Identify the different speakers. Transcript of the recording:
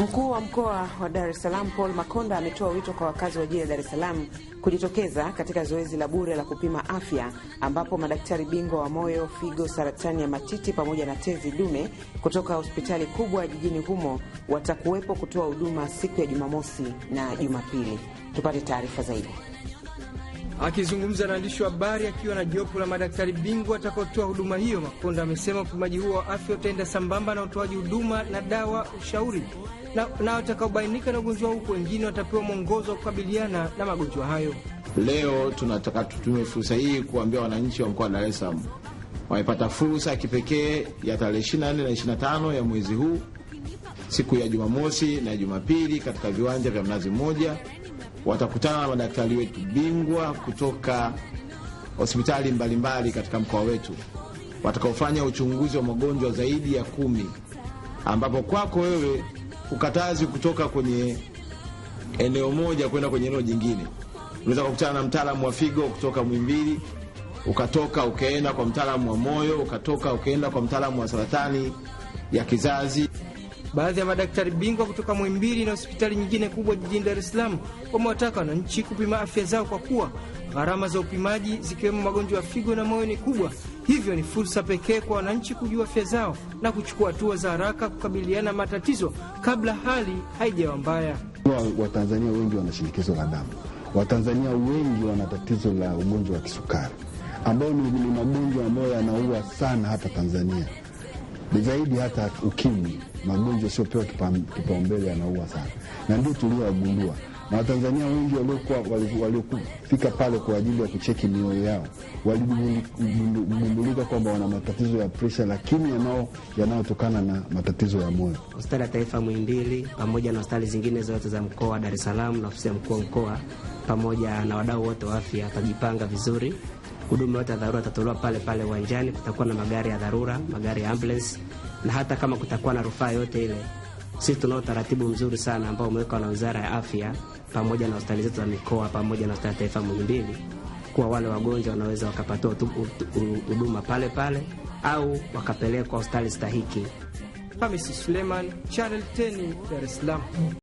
Speaker 1: Mkuu wa mkoa wa Dar es Salaam Paul Makonda ametoa wito kwa wakazi wa jiji la Dar es Salaam kujitokeza katika zoezi la bure la kupima afya ambapo madaktari bingwa wa moyo, figo, saratani ya matiti pamoja na tezi dume kutoka hospitali kubwa jijini humo watakuwepo kutoa huduma siku ya Jumamosi na Jumapili. Tupate taarifa zaidi.
Speaker 2: Akizungumza na waandishi wa habari akiwa na jopo la madaktari bingwa atakaotoa huduma hiyo, Makonda amesema upimaji huo wa afya utaenda sambamba na utoaji huduma na dawa, ushauri na watakaobainika na ugonjwa huko, wengine watapewa mwongozo wa kukabiliana na magonjwa hayo.
Speaker 3: Leo tunataka tutumie fursa hii kuambia wananchi wa mkoa wa Dar es Salaam wamepata fursa ya kipekee ya tarehe 24 na 25 ya mwezi huu, siku ya Jumamosi na Jumapili katika viwanja vya Mnazi Mmoja watakutana na madaktari wetu bingwa kutoka hospitali mbalimbali katika mkoa wetu watakaofanya uchunguzi wa magonjwa zaidi ya kumi, ambapo kwako wewe ukatazi kutoka kwenye eneo moja kwenda kwenye eneo jingine. Unaweza kukutana na mtaalamu wa figo kutoka Mwimbili, ukatoka ukaenda kwa mtaalamu wa moyo, ukatoka ukaenda kwa mtaalamu wa saratani ya kizazi.
Speaker 2: Baadhi ya madaktari bingwa kutoka Muhimbili na hospitali nyingine kubwa jijini Dar es Salaam wamewataka wananchi kupima afya zao kwa kuwa gharama za upimaji zikiwemo magonjwa ya figo na moyo ni kubwa, hivyo ni fursa pekee kwa wananchi kujua afya zao na kuchukua hatua za haraka kukabiliana matatizo kabla hali haijawa mbaya.
Speaker 4: Watanzania wengi wana shinikizo la damu, Watanzania wengi wana tatizo la ugonjwa wa kisukari, ambayo ni magonjwa ambayo yanaua sana hapa Tanzania ni zaidi hata ukimwi, magonjwa asiopewa kipaumbele yanaua sana, na ndio tuliowagundua na Watanzania wengi waliofika pale kwa ajili ya kucheki mioyo yao waligundulika kwamba wana matatizo ya presha, lakini yanayotokana na matatizo ya moyo.
Speaker 1: Hospitali ya Taifa Muhimbili pamoja na hospitali zingine zote za mkoa wa Dar es Salaam na ofisi ya mkuu wa mkoa pamoja na wadau wote wa afya watajipanga vizuri huduma yote ya dharura itatolewa pale pale uwanjani. Kutakuwa na magari ya dharura, magari ya ambulance, na hata kama kutakuwa na rufaa yote ile, sisi tunao utaratibu mzuri sana ambao umewekwa na Wizara ya Afya pamoja na hospitali zetu za mikoa pamoja na hospitali ya taifa Muhimbili, kuwa wale wagonjwa wanaweza wakapatiwa huduma pale pale au wakapelekwa hospitali stahiki.
Speaker 5: Hamisi Suleiman, Channel 10, Dar es Salaam.